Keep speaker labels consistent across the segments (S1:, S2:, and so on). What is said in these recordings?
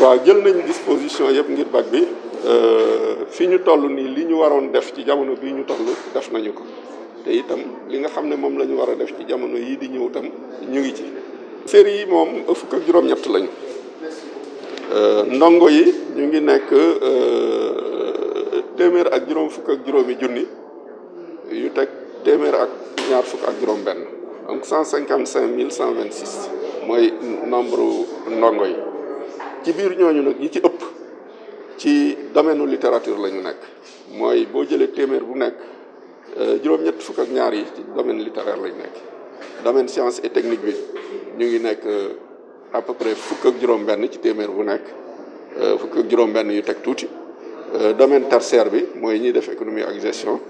S1: waaw jël nañu disposition yëpp ngir bac bi euh, fi ñu toll nii li ñu waroon def ci jamono bii ñu toll def nañu ko te itam li nga xam ne moom lañu ñu war a def ci jamono yii di ñëw itam ñu ngi ci. série yi moom fukk ak juróom-ñett lañu euh, ndongo yi ñu ngi nekk euh, téeméer ak juróom fukk ak juróomi junni yu teg téeméer ak ñaar fukk ak juróom-benn donc cent cinquante cinq mille cent vingt six mooy nombre ndongo yi. ci biir ñooñu nag ñi ci ëpp ci domaine littérature la ñu nekk mooy boo jëlee téeméer bu nekk euh, juróom-ñett fukk ak ñaar yi ci domaine littéraire la ñu nekk domaine science et technique bi ñu ngi nekk euh, à peu fukk ak juróom-benn ci téeméer bu nekk euh, fukk ak juróom-benn yu teg tuuti domaine tertiaire bi mooy ñuy def économie ak gestion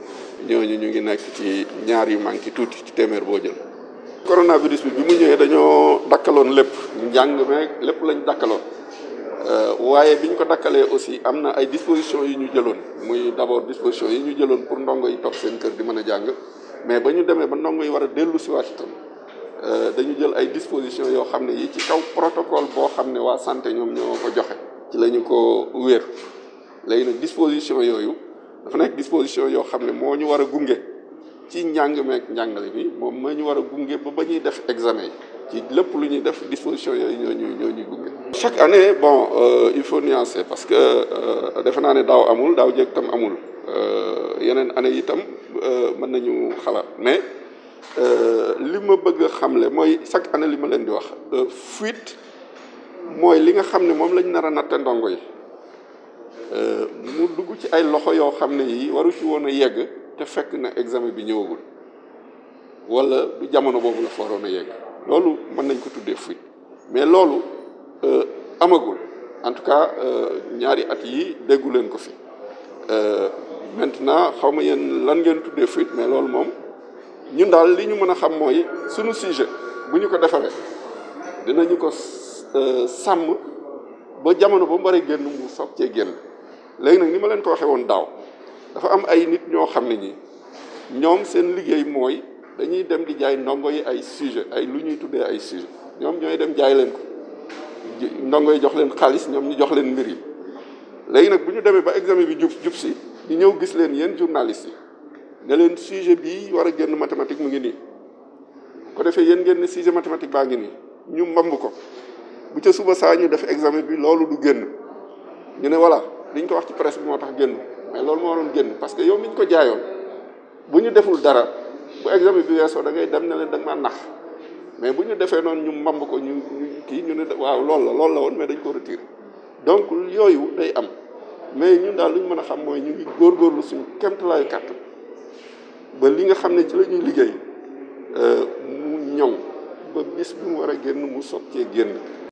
S1: ñooñu ñu ngi nekk ci ñaar yu manqué tuuti ci téeméer boo jël. coronavirus bi bi mu ñëwee dañoo dakkaloon lépp njàng meeg lépp lañ dakkaloon. Euh, waaye bi ñu ko dakkalee aussi am na ay dispositions yu ñu jëloon muy d'abord dispositions yi ñu jëloon pour ndongo yi toog seen kër di mën a jàng mais ba ñu demee ba ndongo yi war a dellu si waat itam euh, dañu jël ay dispositions yoo xam ne yi ci kaw protocole boo xam ne waa sante ñoom ñoo ko joxe ci la ñu ko wér léegi nag disposition yooyu dafa nekk disposition yoo xam ne moo ñu war a gunge ci njàng meek njàngale bi moom mooy ñu war a gunge ba ba ñuy def examen yi ci lépp lu ñuy def disposition yooyu ñoo ñu ñoo ñuy gunge. chaque année bon euh, il faut nuancer parce que euh, defe naa ne daaw amul daaw jéeg tam amul euh, yeneen année itam tam euh, mën nañu xalaat mais li ma bëgg a xamle mooy chaque année li ma leen di wax fuite mooy li nga xam ne moom lañ nar a natte ndongo yi mu dugg ci ay loxo yoo xam ne yi waru ci woon a yegg. te fekk na examen bi ñëwagul wala du jamono boobu nga fa a yegg loolu mën nañ ko tuddee fuite mais loolu euh, amagul en tout cas euh, ñaari at yi dégguleen ko fi euh, maintenant xaw ma yéen lan ngeen tuddee fuite mais loolu moom ñun daal li ñu mën a xam mooy suñu sujet bu ñu ko defaree dinañu ko sàmm ba jamono ba mu bare génn mu soog génn léegi nag ni ma leen ko waxee woon daaw dafa am ay nit ñoo xam ne ñi ñoom seen liggéey mooy dañuy dem di jaay ndongo yi ay sujet ay lu ñuy tuddee ay sujet ñoom ñooy dem jaay leen ko ndongo yi jox leen xaalis ñoom ñu jox leen mbir yi léegi nag bu ñu demee ba examen bi jub jub si ñu ñëw gis leen yéen journaliste yi ne leen sujet bii war a génn mathématique mu ngi nii ko defee yéen ngeen ne sujet mathématique baa ngi nii ñu mbamb ko bu ca suba saa ñu def examen bi loolu du génn ñu ne voilà liñ ko wax ci presque bi moo tax génn mais loolu moo waroon génn parce que yow mi ñu ko jaayoon bu ñu deful dara bu examen bi weesoo da ngay dem ne leen da nga nax mais bu ñu defee noonu ñu mbamb ko ñu kii ñu ne waaw loolu la loolu la woon mais dañ ko retiré donc yooyu day am mais ñun daal lu ñu mën a xam mooy ñu ngi góor góorgóorlu suñu kéemtalaayu kàttan ba li nga xam ne ci la ñuy liggéey euh, mu ñoŋ ba bis bi mu war a génn mu soog cee génn.